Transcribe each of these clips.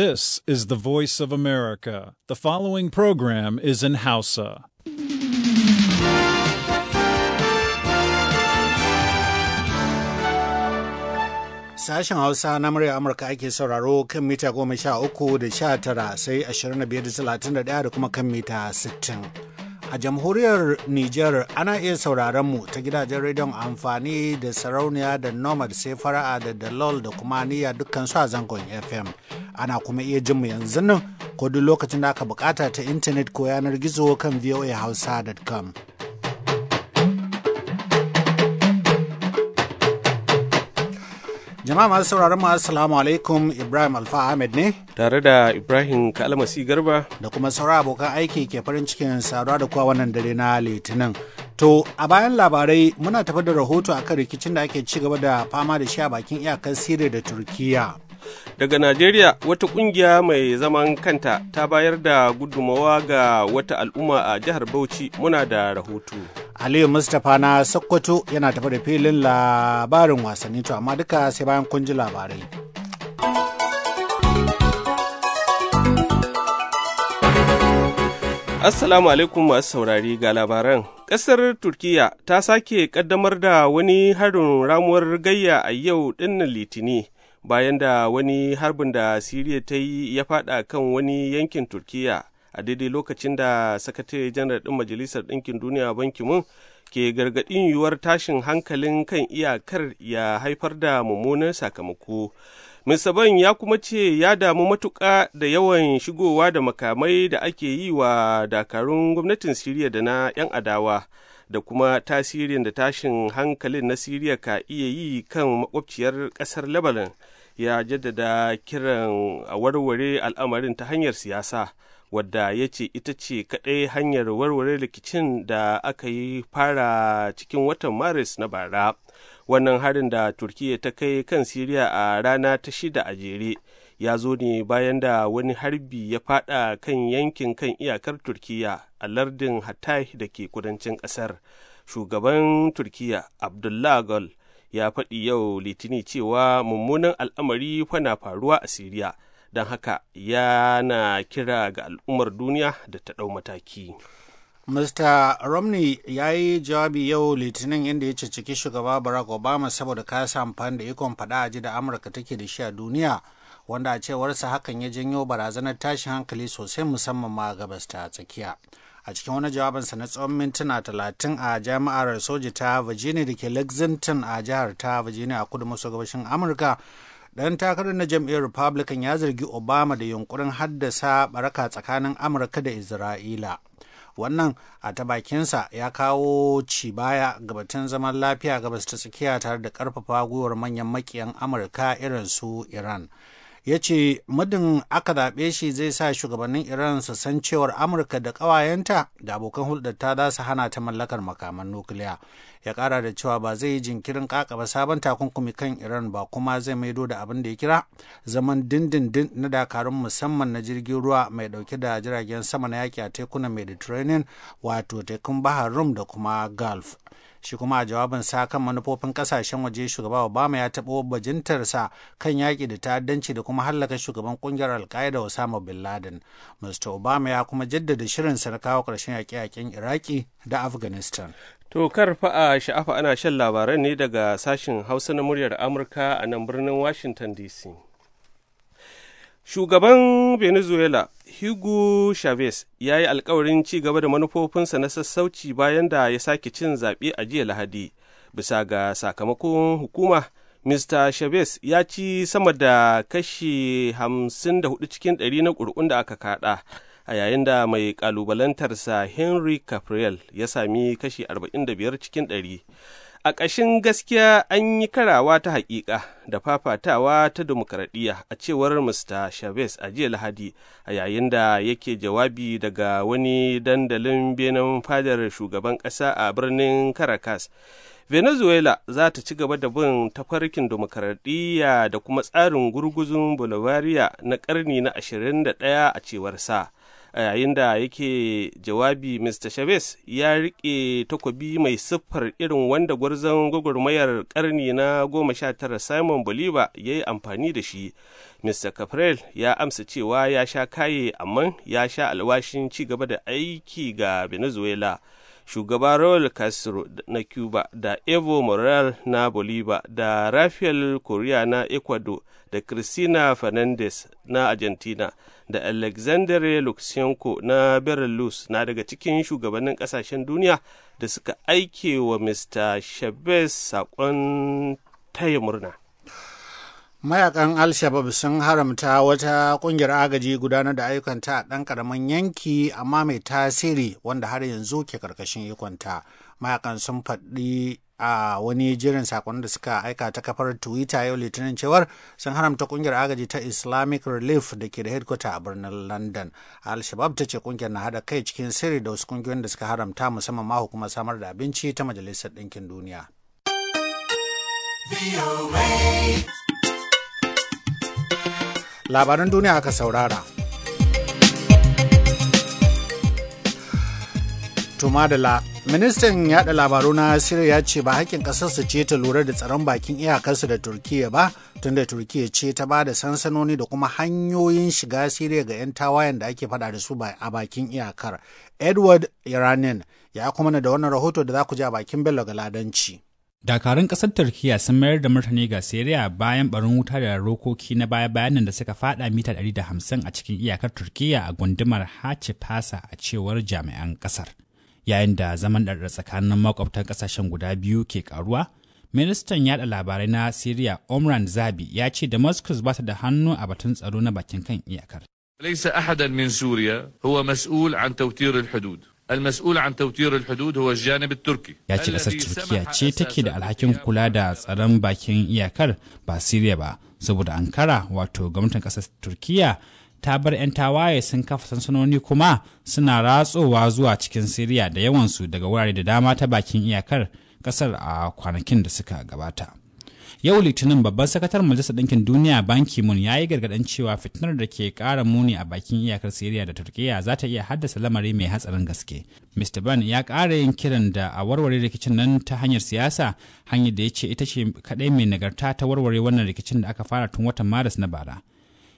This is the voice of America. The following program is in Hausa. Sashen Hausa na murya Amurka ake sauraro kan mita goma sha uku da sha tara sai ashirin da biyar da talatin da ɗaya da kuma kan mita sittin. A jamhuriyar Nijar ana iya sauraron mu ta gidajen rediyon amfani da sarauniya da Nomad sai fara'a da Dalol da kuma niyya dukkan su a zangon FM. Ana kuma iya jin mu yanzu nan ko duk lokacin da aka bukata ta intanet ko yanar gizo kan voahausa.com. Jama'a masu sauraron mu assalamu alaikum Ibrahim Alfa Ahmed ne tare da Ibrahim Kalmasi Garba da kuma sauran abokan aiki ke farin cikin saruwa da kuwa wannan dare na Litinin. To a bayan labarai muna tafi da rahoto akan rikicin da ake ci gaba da fama da shi a bakin iyakar Siriya da Turkiya. Daga Najeriya wata ƙungiya mai zaman kanta ta bayar da gudummawa ga wata al'umma a jihar Bauchi muna da rahoto. Aliyu Mustapha na Sokoto yana tafi da filin labarin wasanni to amma duka sai bayan kun ji labarai. Assalamu alaikum masu saurari ga labaran. Ƙasar Turkiyya ta sake ƙaddamar da wani harin ramuwar gayya a yau ɗinnan Litini bayan da wani harbin da siriya ta yi ya fada kan wani yankin turkiya a daidai lokacin da sakatare janar ɗin majalisar ɗinkin duniya banki mun ke gargaɗin yiwuwar tashin hankalin kan iyakar ya haifar da mummunan sakamako Mr. Ban ya kuma ce ya damu matuƙa da yawan shigowa da makamai da ake yi wa dakarun gwamnatin Siriya da na 'yan adawa. da kuma tasirin da tashin hankalin na siriya ka iya yi kan makwabciyar ƙasar lebanon ya jaddada kiran a warware al'amarin ta hanyar siyasa wadda ya ce ita ce kaɗai hanyar warware rikicin da aka yi fara cikin watan maris na bara wannan harin da turkiya ta kai kan siriya a rana ta shida a jere ya zo ne bayan da wani harbi ya fada kan yankin kan iyakar turkiya a lardin hatay da ke kudancin ƙasar shugaban Turkiyya, abdullah gol ya faɗi yau litini cewa mummunan al'amari fana faruwa a siriya don haka yana kira ga al'ummar duniya da ta ɗau mataki Mr. Romney ya yi jawabi yau Litinin inda ya ciki shugaba Barack Obama saboda kasa amfani da ikon faɗa a ji da Amurka take da shi a duniya wanda a cewarsa hakan ya janyo barazanar tashin hankali sosai musamman ma gabas ta tsakiya a cikin wani jawabinsa na tsawon mintuna talatin a jami'ar soji ta virginia da ke lexington a jihar ta virginia a kudu maso gabashin amurka dan takarar na jam'iyyar republican ya zargi obama da yunkurin haddasa baraka tsakanin amurka da isra'ila wannan a ta bakinsa ya kawo ci baya ga batun zaman lafiya gabas ta tsakiya tare da karfafa gwiwar manyan makiyan amurka irin su iran ya ce muddin aka zaɓe shi zai sa shugabannin iran su san cewar amurka da ƙawayenta da abokan hulɗarta za su hana ta mallakar makaman nukiliya ya ƙara da cewa ba zai yi jinkirin ƙaƙaba sabon takunkumi kan iran ba kuma zai maido da abin da ya kira zaman dindindin na dakarun musamman na jirgin ruwa mai ɗauke da jiragen sama na yaƙi a tekunan mediterranean wato tekun bahar rum da kuma gulf shi kuma a jawabin sa kan manufofin kasashen waje shugaba obama ya taɓo bajintarsa kan yaƙi da ta'addanci da kuma hallaka shugaban ƙungiyar alkaida osama bin laden mr obama ya kuma jaddada shirin na kawo ƙarshen yaƙe-yaƙen iraki da afghanistan To fa'a a sha'afa ana shan labaran ne daga sashin Hausa na muryar Amurka a nan birnin Washington DC. Shugaban Venezuela Hugo Chavez ya yi alkawarin ci gaba da manufofinsa na sassauci bayan da ya sake cin zaɓe a jiya Lahadi. Bisa ga sakamakon hukuma, Mr. Chavez ya ci sama da kashi 54 cikin 100 na ƙuri'un da aka kaɗa, a yayin da mai ƙalubalantarsa Henry Capriel ya sami kashi 45 cikin A ƙashin gaskiya an yi karawa ta haƙiƙa da fafatawa ta demokaradiyya a cewar Mr. Chavez a jiya Lahadi a yayin da yake jawabi daga wani dandalin benin fadar shugaban ƙasa a birnin Caracas. Venezuela za ta ci gaba da bin tafarkin demokaradiyya da kuma tsarin gurguzun bolivaria na ƙarni na 21 a cewar sa. a yayin da yake jawabi mr chavez ya rike takobi mai siffar irin wanda gwarzon gwagwarmayar karni na goma sha tara simon bolivar ya yi amfani da shi mr caprel ya amsa cewa ya sha kaye amma ya sha alwashin ci gaba da aiki ga venezuela shugaba raul castro na cuba da evo morales na bolivia da rafael correa na ecuador da christina fernandez na argentina da alexander luxenko na belarus na daga cikin shugabannin kasashen duniya da suka aike wa mr chavez saƙon taya murna mayakan al-shabab sun haramta wata kungiyar agaji gudanar da ayyukanta a ɗan ƙaramin yanki amma mai tasiri wanda har yanzu ke karkashin ikonta mayakan sun faɗi a wani jirin sakon da suka aika ta kafar twitter yau litinin cewar sun haramta kungiyar agaji ta islamic relief da ke da headquarter a birnin london al-shabab ta ce kungiyar na hada kai cikin sirri da wasu kungiyoyin da suka haramta musamman ma hukumar samar da abinci ta majalisar ɗinkin duniya. labaran duniya aka saurara. Tumadala Ministan yada labaru na Siriya ya ce ba haƙƙin ƙasarsa ce ta lura da tsaron bakin iyakarsa da Turkiyya ba, tunda Turkiyya ce ta ba da sansanoni da kuma hanyoyin shiga Siriya ga 'yan tawayen da ake faɗa da su a bakin iyakar. Edward Iranian ya kuma na da wannan rahoto da za ku ji a bakin Bello ga Ladanci. dakarun ƙasar turkiyya sun mayar da martani ga syria bayan barin wuta da rokoki na baya bayanan da suka fada mita ɗari da hamsin a cikin iyakar turkiyya a gundumar hace fasa a cewar jami'an ƙasar yayin da zaman ɗarɗar tsakanin makwabtan ƙasashen guda biyu ke karuwa ministan yada labarai na syria omran zabi ya ce damascus ba ta da hannu a batun tsaro na bakin kan iyakar ليس أحدا من سوريا هو مسؤول عن توتير الحدود ya ce ƙasar turkiya ce take da alhakin kula da tsaron bakin iyakar ba siriya ba saboda ankara wato gwamnatin ƙasar turkiya ta bar 'yan tawaye sun kafa sansanoni kuma suna ratsowa zuwa cikin siriya da yawansu daga wurare da dama ta bakin iyakar ƙasar a kwanakin da suka gabata Yau Litinin babban sakatar Majalisar Ɗinkin Duniya Ban mun ya yi gargaɗin cewa fitinar da ke kara muni a bakin iyakar Siriya da Turkiyya za ta iya haddasa lamari mai hatsarin gaske. Mr. Ban ya kara yin kiran da a warware rikicin nan ta hanyar siyasa hanyar da ya ce ita ce kaɗai mai nagarta ta warware wannan rikicin da aka fara tun watan Maris na bara.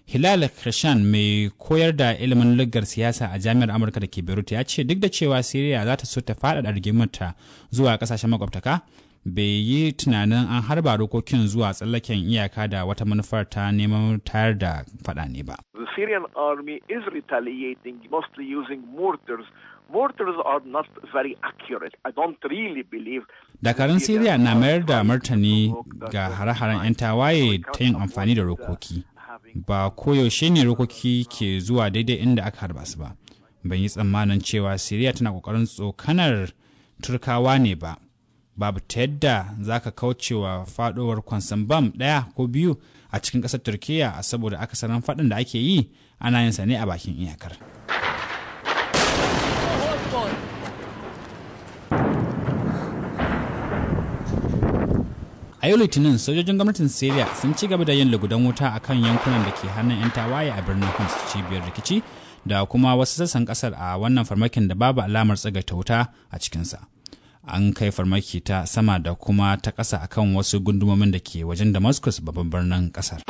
Hilal Krishan mai koyar da ilimin lugar siyasa a jami'ar Amurka da ke Beirut ya ce duk da cewa Siriya za ta so ta faɗaɗa rigimarta zuwa ƙasashen makwabtaka, bai yi tunanin an harba rokokin zuwa tsallaken iyaka da wata manufar ta neman tayar da faɗane ne ba. The Syrian army is retaliating mostly using mortars Mortars are not very accurate. I don't really believe. Dakarun Siriya na mayar da martani ga hare-haren 'yan tawaye ta yin amfani da rokoki. Ba koyaushe ne rokoki ke zuwa daidai inda aka harba su ba. Ban yi tsammanin cewa Siriya tana ƙoƙarin tsokanar Turkawa ne ba. babu ta yadda za ka kaucewa faɗowar kwansan bam ɗaya ko biyu a cikin ƙasar turkiya saboda akasarin faɗin da ake yi ana yin sa ne a bakin iyakar a yau litinin sojojin gwamnatin syria sun ci gaba da yin lugudan wuta a kan yankunan da ke hannun 'yan tawaye a birnin homs cibiyar rikici da kuma wasu sassan kasar a wannan farmakin da babu alamar tsagaita wuta a cikinsa an kai farmaki ta sama da kuma ta ƙasa akan wasu gundumomin da ke wajen damascus babban birnin ƙasar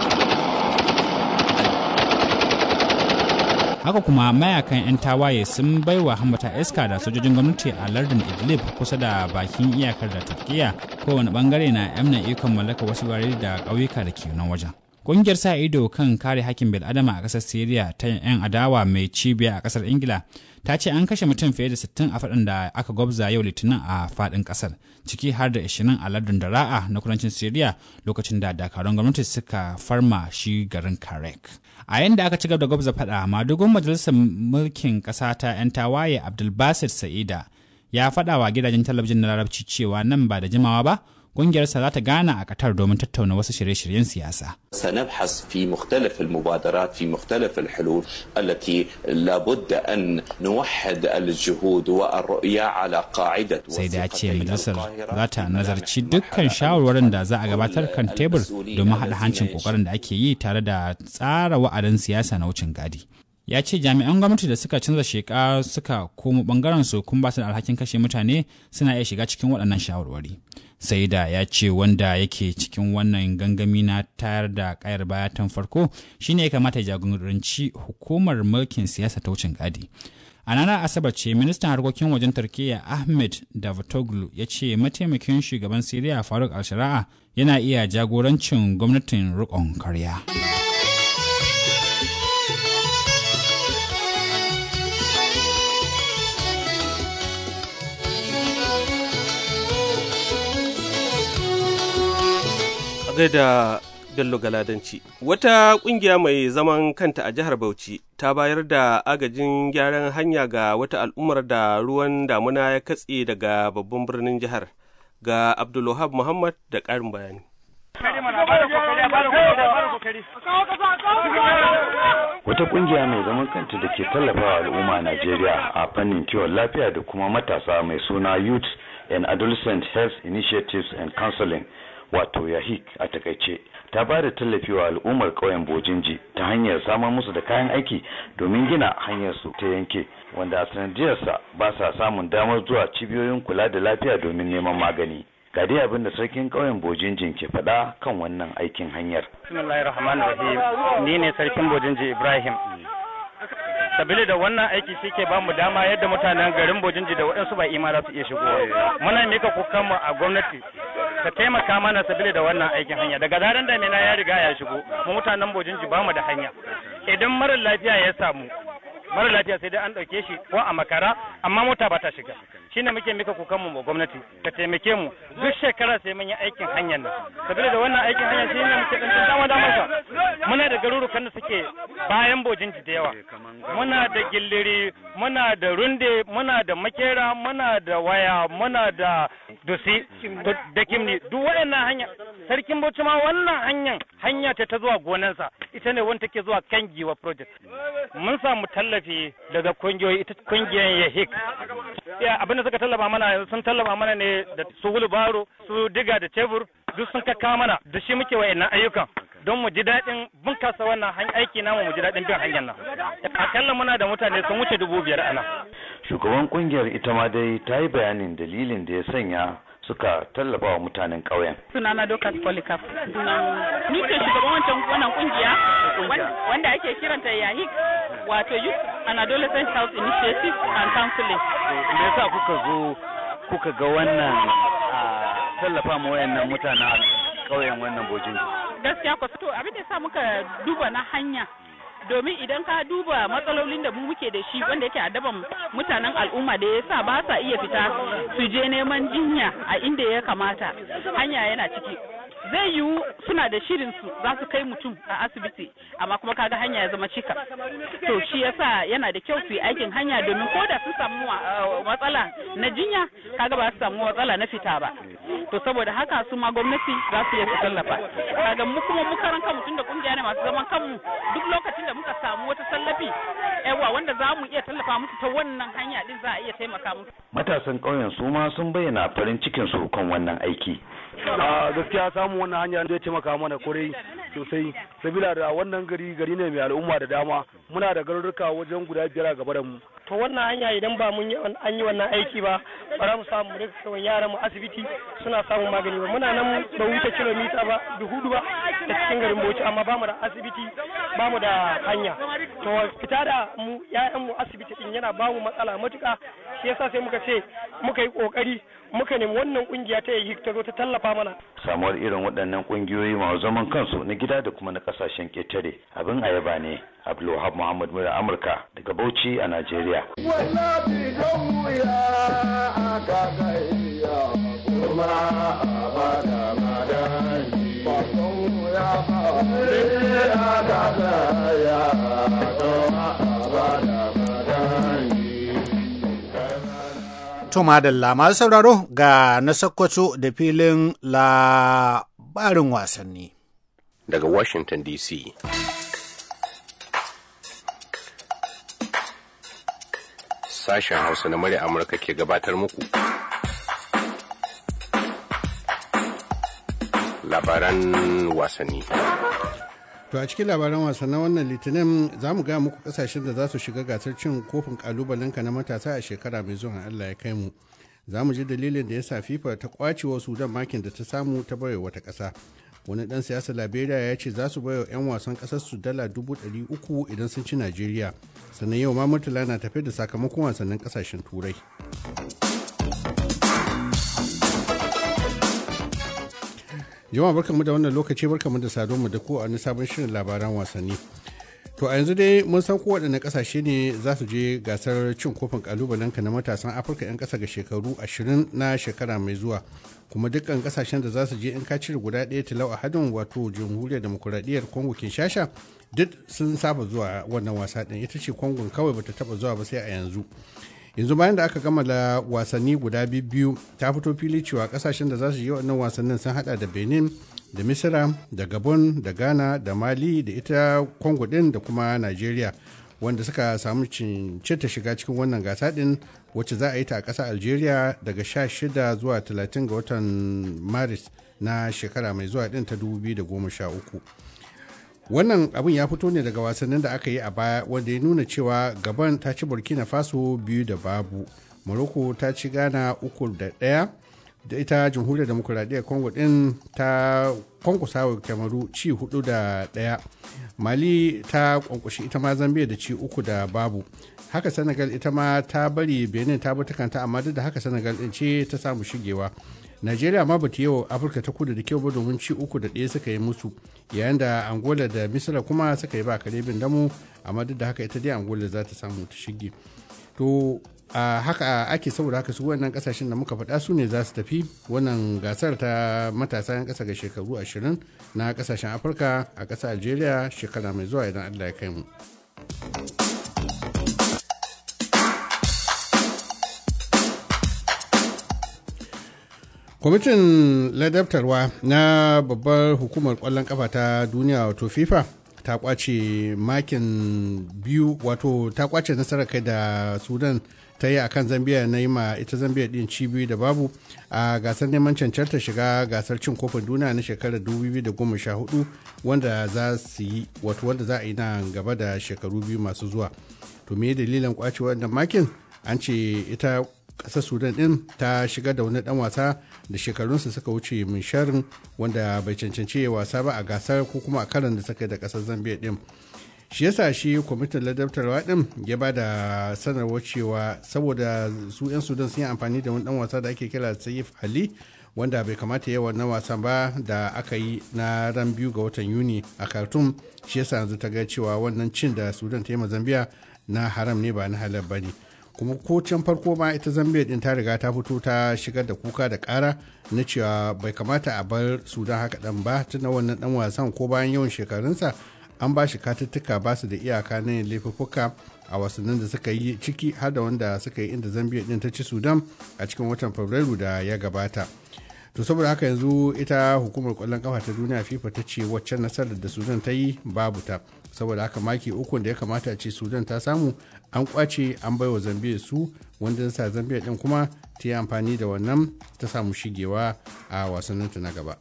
haka kuma mayakan 'yan tawaye sun baiwa hamata iska da sojojin gwamnati a lardin idlib kusa da bakin iyakar da turkiya kowane bangare na yamna ikon mallaka wasu wurare da ƙauyuka da ke nan wajen Ƙungiyar sa ido kan kare hakkin bil'adama a kasar Siriya ta 'yan adawa mai cibiya a kasar Ingila ta ce an kashe mutum fiye da 60 a faɗin da aka gwabza yau litinin a faɗin kasar ciki har da 20 a ladin da ra'a na kudancin Siriya lokacin da dakarun gwamnati suka farma shi garin Karek. A yanda aka ci gaba da gwabza faɗa madugun majalisar mulkin ƙasa ta 'yan tawaye Abdulbasir Sa'ida ya faɗa wa gidajen talabijin na larabci cewa nan ba da jimawa ba ƙungiyarsa za ta gana a Qatar domin tattauna wasu shirye-shiryen siyasa. سنبحث في مختلف المبادرات في مختلف الحلول التي لابد أن نوحد الجهود والرؤية على قاعدة sai da ya ce majalisar za ta nazarci dukkan shawarwarin da za a gabatar kan tebur domin haɗa hancin kokarin da ake yi tare da tsara wa'adin siyasa na wucin gadi ya ce jami'an gwamnati da suka canza sheka suka komo bangaren su kun ba su da alhakin kashe mutane suna iya shiga cikin waɗannan shawarwari sai da ya ce wanda yake cikin wannan gangami na tayar da kayar baya tan farko shine ya kamata ya jagoranci hukumar mulkin siyasa ta wucin gadi a ranar asabar ce ministan harkokin wajen turkiyya ahmed davutoglu ya ce mataimakin shugaban siriya faruk al-shara'a yana iya jagorancin gwamnatin rikon karya. gaida Bello Galadanci. Wata ƙungiya mai zaman kanta a jihar Bauchi ta bayar da agajin gyaran hanya ga wata al'ummar da ruwan damuna ya katse daga babban birnin jihar. Ga Abdulwahab Muhammad da karin bayani. Wata kungiya mai zaman kanta da ke tallafawa al'umma a Najeriya a fannin kiwon lafiya da kuma matasa mai suna Youth and Adolescent Health Initiatives and Counseling wato yahik a takaice ta ba da tallafi wa al'ummar ƙauyen bojinji ta hanyar samar musu da kayan aiki domin gina hanyar su ta yanke wanda a sanadiyarsa ba sa samun damar zuwa cibiyoyin kula da lafiya domin neman magani ga dai abin da sarkin ƙauyen bojinjin ke faɗa kan wannan aikin hanyar ni ne sarkin bojinji ibrahim sabili da wannan aiki shi ke bamu dama yadda mutanen garin bojinji da waɗansu ba ima za su iya shigo muna mika mu a gwamnati ka taimaka mana sabili da wannan aikin hanya daga zaran damina ya riga ya shigo mu mutanen bojinji mu da hanya idan mara lafiya ya samu mara lafiya sai dai an ɗauke shi ko a makara amma mota ba ta shiga shi ne muke mika kukan mu gwamnati ta taimake mu duk shekara sai mun yi aikin hanyar nan saboda da wannan aikin hanyar shi ne muke dan dama dama sa muna da garurukan da suke bayan bojin da yawa muna da gilliri muna da runde muna da makera muna da waya muna da dusi da kimni duk waɗannan hanya sarkin bauchi ma wannan hanyar hanya ta ta zuwa gonansa ita ne wanda take zuwa kan giwa project mun samu tallafi tallafi daga kungiyoyi ita kungiyar yahik abinda suka tallaba mana sun tallaba mana ne da su hulbaro su diga da tebur duk sun kaka mana da shi muke wa'annan ayyukan don mu ji daɗin bunkasa wannan aiki namu mu ji daɗin bin hanyar nan akalla muna da mutane sun wuce dubu biyar ana shugaban kungiyar ita ma dai ta yi bayanin dalilin da ya sanya suka tallafa wa mutanen ƙauyen. Sunana Dokas Polycarp. Ni ce shugaban wancan wannan kungiya wanda ake kiranta YAHIC wato Youth and Adolescent Health Initiative and Counseling. Me yasa kuka zo kuka ga wannan tallafa ma wayannan mutanen ƙauyen wannan bojin? Gaskiya ko to abin da sa muka duba na hanya domin idan ka duba matsalolin da mu muke da shi wanda yake adaban mutanen al'umma da ya sa ba sa iya fita su je neman jinya a inda ya kamata hanya yana ciki zai yiwu suna da shirin su za su kai mutum a asibiti amma kuma kaga hanya ya zama cika to shi yasa yana da kyau su yi aikin hanya domin ko da sun samu ah, matsala na jinya kaga ba su samu matsala na fita ba to saboda haka su ma gwamnati za su iya su tallafa kaga mu kuma mu karan kanmu tunda kungiya ne masu zaman kanmu duk lokacin da muka samu wata tallafi yawa wanda za mu iya tallafa musu ta wannan hanya din za a iya taimaka musu matasan ƙauyen su ma sun bayyana farin cikin su kan wannan aiki a gaskiya samun wannan hanya zai taimaka mana kwarai sosai sabila da wannan gari gari ne mai al'umma da dama muna da garuruka wajen guda biyar a gaba da mu to wannan hanya idan ba mun yi an yi wannan aiki ba ba za mu samu mu rika yaran mu asibiti suna samun magani ba muna nan ba wuta kilomita ba hudu ba da cikin garin Bauchi amma ba mu da asibiti ba mu da hanya to fita da mu yayan mu asibiti din yana ba mu matsala matuka shi yasa sai muka ce muka yi kokari muka nemi wannan kungiya ta yi ta zo ta tallafa mana samuwar irin waɗannan kungiyoyi masu zaman kansu na gida da kuma na ƙasashen ketare abin ayaba ne abdulwahab muhammad mura amurka daga bauchi a najeriya To madalla masu sauraro ga na Sokoto da filin labarin wasanni. Daga Washington DC. Sashen Hausa na Murya Amurka ke gabatar muku. Labaran wasanni. To a cikin labaran wasa na wannan litinin za mu gaya muku kasashen da za su shiga gasar cin kofin kalubalenka na matasa a shekara mai zuwa Allah ya kai mu. Za mu ji dalilin da ya sa FIFA ta kwace wasu Sudan makin da ta samu ta baiwa wata kasa Wani dan siyasa Liberia ya ce za su baiwa 'yan wasan ƙasar su dala dubu ɗari uku idan sun ci Najeriya. Sannan yau ma Murtala na tafi da sakamakon wasannin ƙasashen Turai. jama'a barkamu da wannan lokaci barkamu da sadon mu da ko a sabon shirin labaran wasanni to a yanzu dai mun san ko waɗanne kasashe ne za su je gasar cin kofin kalubalen ka na matasan afirka 'yan kasa ga shekaru 20 na shekara mai zuwa kuma dukkan kasashen da za su je in ka cire guda ɗaya tilau a hadin wato jamhuriyar demokuraɗiyyar congo kinshasa duk sun saba zuwa wannan wasa ɗin ita ce kongon kawai bata taba zuwa ba sai a yanzu yanzu bayan da aka kammala wasanni guda biyu ta fito fili cewa kasashen da za su yi waɗannan wasannin sun hada da benin da misira da gabon da ghana da mali da ita congo din da kuma nigeria wanda suka samu cincinta shiga cikin wannan gasa din wacce za a yi ta a ƙasa algeria daga 16 zuwa 30 ga watan maris na shekara mai zuwa din ta 2013 wannan abin ya fito ne daga wasannin da aka yi a baya wanda ya nuna cewa gaban ta ci burkina faso biyu da babu morocco ta ci ghana uku da ɗaya da ita jamhuriyar demokuraɗiyyar congo ɗin ta kwankwasa wa kyamaru ci hudu da ɗaya mali ta kwankwashi ita ma zambia da ci uku da babu haka senegal ita ma ta bari benin ta bi kanta amma duk da haka senegal ɗin ce ta samu shigewa najeriya ma bata yi wa afirka ta kudu da kyau ba domin ci uku da ɗaya suka yi musu yayin da angola da misira kuma suka yi ba kare bin damu amma duk da haka ita dai angola za ta samu ta shige to a haka ake saboda haka su wannan kasashen da muka faɗa su ne za su tafi wannan gasar ta matasa 'yan kasa ga shekaru 20 na kasashen afirka a ƙasar algeria shekara mai zuwa idan allah ya kai mu. kwamitin ladabtarwa na babbar hukumar kwallon kafa ta duniya wato fifa ta kwace makin biyu wato ta kwace nasarar kai da sudan ta yi akan zambia na yi ma ita zambia din ci da babu a gasar neman cancantar shiga gasar cin kofin duniya na shekarar 2014 wanda za a yi na gaba da shekaru biyu masu zuwa to me dalilin kwace wannan makin an ce ita kasar sudan din ta shiga da wani dan wasa da shekarunsu suka wuce mai sharin wanda bai cancanci ya wasa ba a gasar ko kuma a karan da suka yi da kasar zambia din shi sa shi kwamitin ladabtarwa din ya ba da sanarwar cewa saboda su 'yan sudan sun yi amfani da wani dan wasa da ake kira sayif ali wanda bai kamata yawa na wasan ba da aka yi na ran biyu ga watan yuni a khartoum shi yasa yanzu ta ga cewa wannan cin da sudan ta yi ma zambia na haram ne ba na halal ba ne kuma ko can farko ma ita zambia din ta riga ta fito ta shigar da kuka da kara na cewa bai kamata a bar sudan haka dan ba tunda wannan dan wasan ko bayan yawan shekarunsa an ba shi katuttuka ba su da iyaka na yin laifuffuka a wasannin da suka yi ciki har da wanda suka yi inda zambia din ta ci sudan a cikin watan fabrairu da ya gabata to saboda haka yanzu ita hukumar kwallon kafa ta duniya fifa ta ce waccan nasarar da sudan ta yi babu ta saboda haka maki ukun da ya kamata a ce sudan ta samu an kwace an bai wa zambia su wanda sa zambia din kuma ta yi amfani da wannan ta samu shigewa a wasannin ta na gaba.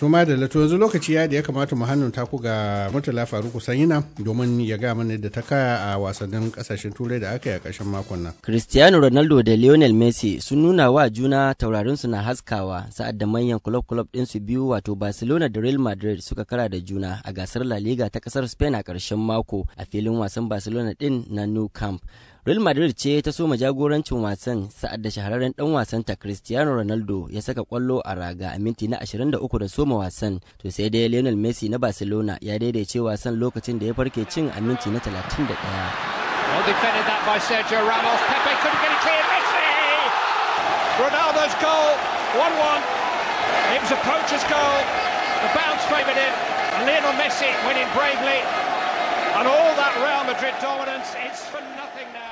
tuma da lato yanzu lokaci ya da ya kamata mu hannun taku ga murtala faruku sanyina domin ya ga mana da ta kaya a wasannin kasashen turai da aka yi a karshen makon nan. cristiano ronaldo da lionel messi sun nuna wa juna taurarin su na haskawa sa'ad da manyan club club su biyu wato barcelona da real madrid suka kara da juna a gasar la liga ta kasar spain a ƙarshen mako a filin wasan barcelona din na new camp Real Madrid ce ta soma jagorancin wasan sa'ad da shahararren dan wasanta Cristiano Ronaldo ya saka kwallo a raga a minti na 23 da soma wasan to sai dai Lionel Messi na Barcelona ya daidaice wasan lokacin da ya farke cin a minti na 31. Lionel Messi winning bravely.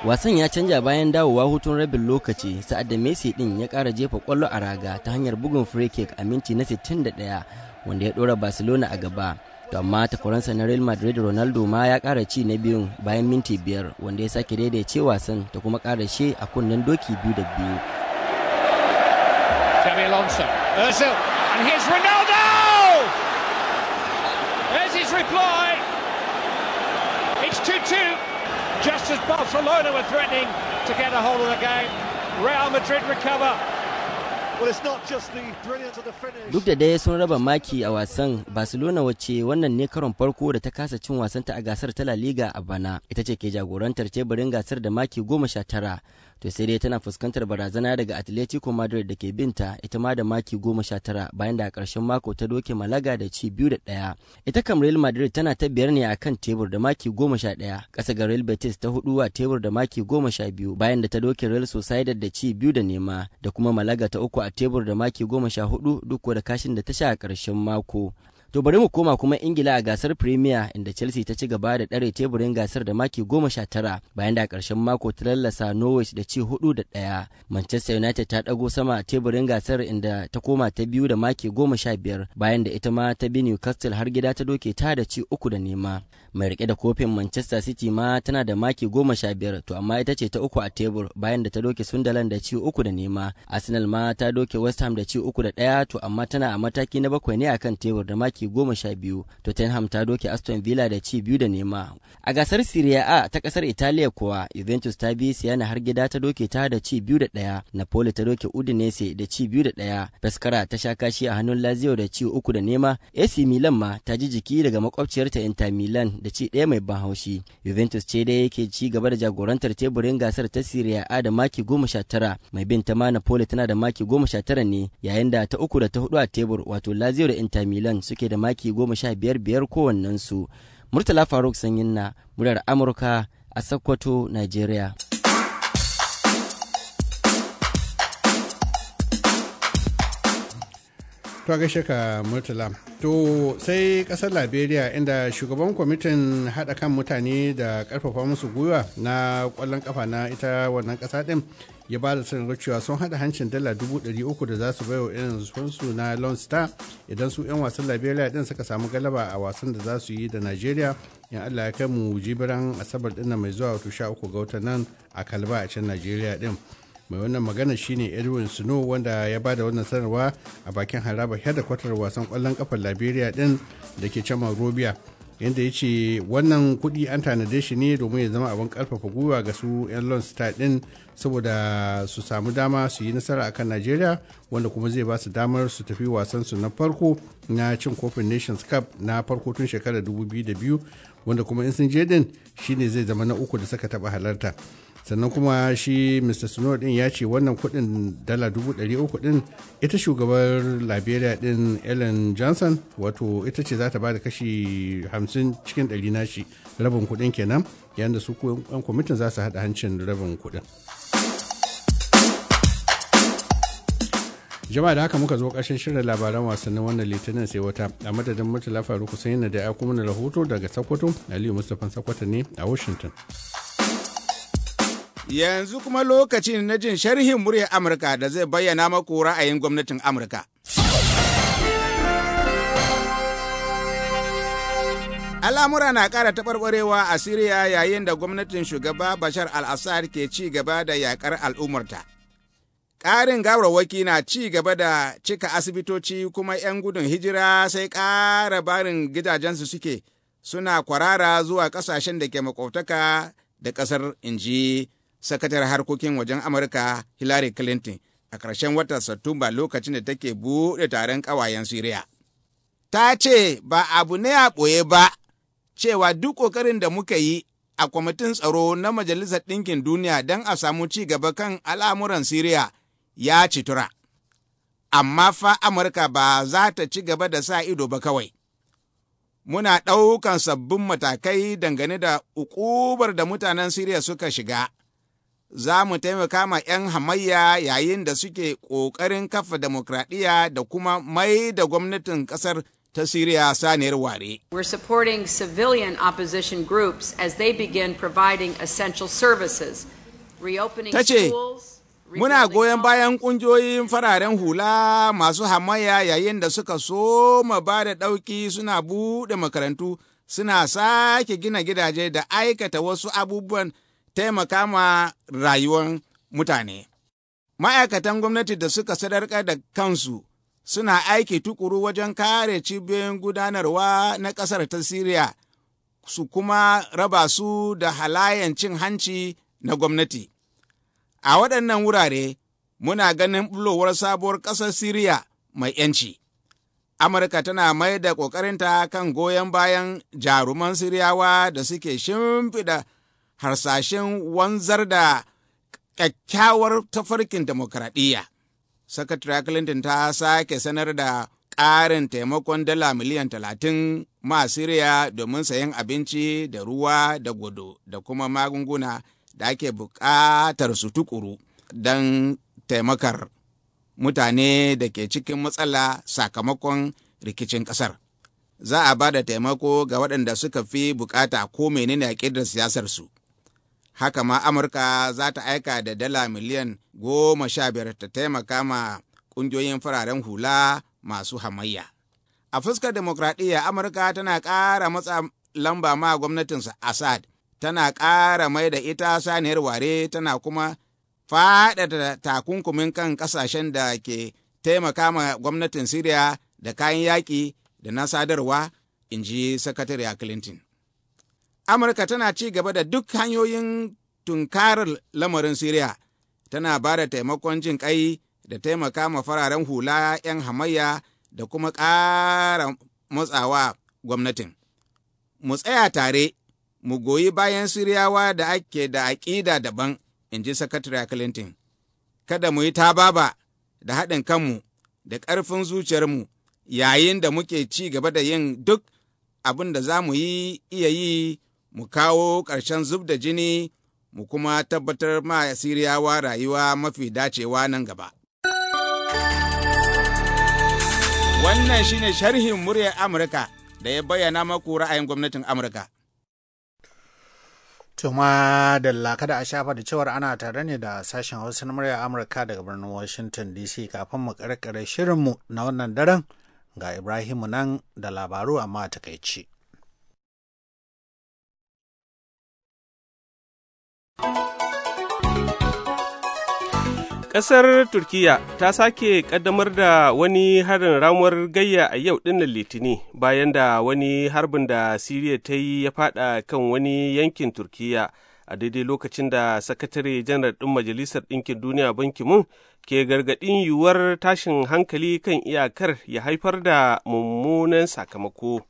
Wasan ya canja bayan dawowa hutun rabin lokaci sa'ad da Messi din ya ƙara jefa ƙwallo a raga ta hanyar bugun free kick a minti na 61 wanda ya ɗora Barcelona a gaba. To amma takwaransa na Real Madrid Ronaldo ma ya ƙara ci na biyun bayan minti biyar wanda ya sake daidai ce wasan ta kuma ƙara she a kunnen doki biyu da biyu. It's 2 2. Just as Barcelona were threatening to get a hold of the game, Real Madrid recover. Duk da dai sun raba maki a wasan, Barcelona wacce wannan ne karon farko da ta kasa cin wasanta a gasar ta La Liga a bana, ita ce ke jagorantar teburin gasar da maki goma sha tara, to sai dai tana fuskantar barazana daga atletico madrid da ke binta ita ma da maki goma sha tara bayan da a ƙarshen mako ta doke malaga da ci biyu da ɗaya ita kam real madrid tana ta biyar ne akan tebur da maki goma sha ɗaya ƙasa ga real betis ta hudu a tebur da maki goma sha biyu bayan da ta doke real sociedad da ci biyu da nema da kuma malaga ta uku a tebur da maki goma sha hudu duk da kashin da ta sha a ƙarshen mako To bari mu koma kuma Ingila a gasar Premier inda Chelsea ta ci gaba da ɗare teburin gasar da maki goma sha tara bayan da a ƙarshen mako ta lallasa Norwich da ci hudu da ɗaya. Manchester United ta ɗago sama a teburin gasar inda ta koma ta biyu da maki goma sha biyar bayan da ita ma ta bi Newcastle har gida ta doke ta da ci uku da nema. Mai rike da kofin Manchester City ma tana da maki goma sha biyar to amma ita ce ta uku a tebur bayan da ta doke Sunderland da ci uku da nema. Arsenal ma ta doke West Ham da ci uku da ɗaya to amma tana a mataki na bakwai ne akan tebur da maki maki goma sha biyu tottenham ta doke aston villa da ci biyu da nema a gasar serie a ta kasar italiya kuwa juventus ta bi siyana har gida ta doke ta da ci biyu da ɗaya napoli ta doke udinese da ci biyu da ɗaya pescara ta sha kashi a hannun lazio da ci uku da nema ac milan ma ta ji jiki daga makwabciyarta inter milan da ci ɗaya mai ban haushi juventus ce dai yake ci gaba da jagorantar teburin gasar ta serie a da maki goma sha tara mai bin ta ma napoli tana da maki goma sha tara ne yayin da ta uku da ta hudu a tebur wato lazio da inter milan suke da maki goma sha biyar biyar kowannensu murtala faruk sanyin na murar amurka a sokoto nigeria to gaishe ka murtala to sai kasar liberia inda shugaban kwamitin haɗa kan mutane da ƙarfafa musu gwiwa na ƙwallon kafa na ita wannan ƙasa ɗin ya ba da sanarwar cewa sun haɗa hancin dala dubu ɗari uku da za su bai wa irin su na lone star idan su 'yan wasan liberia ɗin suka samu galaba a wasan da za su yi da nigeria in allah ya kai mu jibiran asabar ɗin mai zuwa wato sha uku ga watan nan a kalba a can nigeria ɗin mai wannan magana shine edwin snow wanda ya bada wannan sanarwa a bakin haraba da kwatar wasan kwallon kafar liberia din da ke can Robia. Yadda ya ce wannan kudi an tanade shi ne domin ya zama abin karfafa gwiwa ga su 'yan Lons din saboda su samu dama su yi nasara akan najeriya wanda kuma zai ba su damar su tafi wasan su na farko na cin kofin nations cup na farko tun shekarar 2002 wanda kuma in sun je din shine zai zama na uku da suka taba halarta sannan kuma shi mr snow din ya ce wannan kudin dala 300 din ita shugabar liberia din ellen johnson wato ita ce za ta ba da kashi 50 cikin 100 nashi rabin kudin kenan yayin da su kwamitin za su hada hancin rabin kudin jama'a da haka muka zo ƙarshen shirin labaran wasannin wannan litinin sai wata a madadin murtala faruku kusan yana da ya kuma na rahoto daga sokoto aliyu mustapha sokoto ne a washington yanzu kuma lokaci na jin sharhin muryar amurka da zai bayyana maku ra'ayin gwamnatin amurka al'amura na ƙara taɓarɓarewa a siriya yayin da gwamnatin shugaba bashar al-assad ke ci gaba da yakar al'ummarta Ƙarin gawarwaki na ci gaba da cika asibitoci kuma ‘yan gudun hijira sai ƙara barin gidajensu suke suna kwarara zuwa ƙasashen da ke makwabtaka da ƙasar inji sakatar harkokin wajen Amurka Hillary Clinton a ƙarshen watan Satumba lokacin da take buɗe taron ƙawayen Siriya. Ta ce ba abu ne a ɓoye ba cewa duk ƙoƙarin da muka yi a kwamitin tsaro na Majalisar Ɗinkin Duniya don a samu ci gaba kan al'amuran Siriya ya ci tura Amma fa Amurka ba za ta ci gaba da sa ido ba kawai. Muna ɗaukan sabbin matakai dangane da ukubar da mutanen Siriya suka shiga. Za mu taimaka ma 'yan hamayya yayin da suke ƙoƙarin kafa demokradiyya da kuma mai da gwamnatin ƙasar ta Siriya saniyar ware. We're supporting civilian opposition groups as they begin providing essential services. Reopening schools. Muna goyon bayan ƙungiyoyin fararen hula masu hamayya yayin da suka soma ba da ɗauki suna buɗe makarantu suna sake gina gidaje da aikata wasu abubuwan taimaka ma rayuwar mutane. Ma'aikatan gwamnati da suka sadarka da kansu suna aiki tukuru wajen kare cibiyoyin gudanarwa na ƙasar ta Siriya su kuma raba su da halayen cin hanci na gwamnati. A waɗannan wurare, muna ganin bulowar sabuwar ƙasar Siriya mai ‘yanci. Amurka tana mai da ƙoƙarinta kan goyon bayan jaruman Siriyawa da suke shimfiɗa harsashen wanzar da kyakkyawar tafarkin demokradiyya. Sakatariya Clinton ta sake sanar da ƙarin taimakon dala miliyan talatin ma Siriya domin sayan abinci da ruwa da gudu da kuma magunguna da ake buƙatar su tukuru don taimakar mutane da ke cikin matsala sakamakon rikicin ƙasar. Za a ba da taimako ga waɗanda suka fi buƙata ko menene siyasar siyasarsu. Haka ma Amurka za ta aika da dala miliyan goma sha biyar ta taimaka ma ƙungiyoyin fararen hula masu hamayya. A fuskar demokradiyya Amurka tana ƙara matsa lamba ma gwamnatinsa Assad tana ƙara mai da ita saniyar ware tana kuma faɗaɗa takunkumin kan ƙasashen da ke taimaka ma gwamnatin Siriya da kayan yaƙi da na sadarwa, in ji Sakatariya Clinton. Amurka tana ci gaba da duk hanyoyin tunkarar lamarin Siriya, tana ba da taimakon jin ƙai da taimaka ma fararen hula 'yan hamayya da kuma ƙara matsawa gwamnatin. Mu tsaya tare mu goyi bayan Siriyawa da ake da aƙida daban, in ji Sakatare Clinton. Kada mu yi tababa da haɗin kanmu da ƙarfin zuciyarmu yayin da muke ci gaba da yin duk abin da za mu yi iya yi mu kawo ƙarshen zub da jini mu kuma tabbatar ma Siriyawa rayuwa mafi dacewa nan gaba. Wannan shine sharhin muryar Amurka da ya bayyana maku ra'ayin gwamnatin Amurka. Tuma da kada a shafa da cewar ana tare ne da sashen wasu na murya Amurka daga birnin Washington DC kafin mu karkare shirinmu na wannan daren ga Ibrahimu nan da labaru amma takaici. thank you Ƙasar Turkiyya ta sake ƙaddamar da wani harin ramuwar gayya a yau ɗinnan Litini bayan da wani harbin da Siriya ta yi ya fada kan wani yankin Turkiyya a daidai lokacin da Sakatare Janar ɗin Majalisar Ɗinkin Duniya Banki Mun ke gargaɗin yiwuwar tashin hankali kan iyakar ya haifar da mummunan sakamako.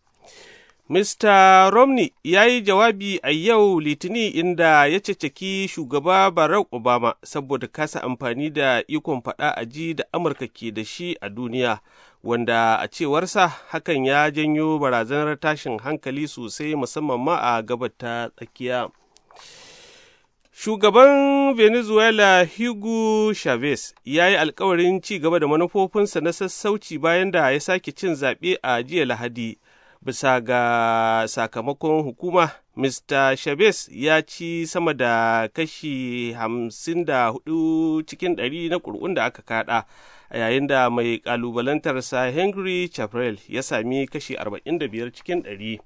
Mr. Romney ya yi jawabi a yau Litinin inda ya ceceki shugaba Barack Obama saboda kasa amfani da ikon faɗa a ji da Amurka ke da shi a duniya, wanda a cewarsa hakan ya janyo barazanar tashin hankali sosai musamman ma a gabar ta tsakiya. Shugaban Venezuela Hugo Chavez ya yi alkawarin ci gaba da manufofinsa na sassauci bayan da ya sake cin zaɓe a jiya Lahadi. bisa ga sakamakon hukuma mr chavez ya ci sama da kashi 54 cikin 100 na ƙuri'un da aka kada a yayin da mai kalubalantarsa henry chaparral ya sami kashi 45 cikin 100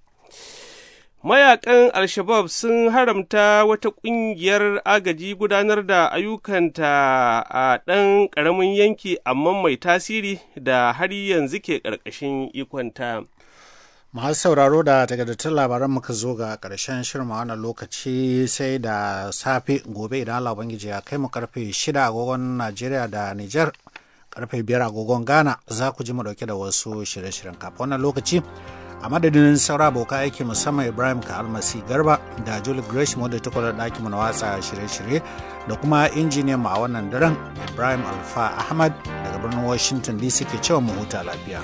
mayakan al-shabab sun haramta wata ƙungiyar agaji gudanar da ayyukanta a ɗan ƙaramin yanki amma mai tasiri da har yanzu ke ƙarƙashin ikonta masu sauraro da takardattun labaran muka zo ga karshen shirma wannan lokaci sai da safe gobe idan Allah bangiji ya kai mu karfe shida agogon Najeriya da Nijar karfe biyar agogon Ghana za ku ji mu dauke da wasu shirye-shiryen kafin wannan lokaci a madadin saura boka aiki musamman ibrahim ka almasi garba da julie gresham wadda ta kula da na watsa shirye-shirye da kuma injiniyan mu a wannan daren ibrahim alfa ahmad daga birnin washington dc ke cewa mu huta lafiya.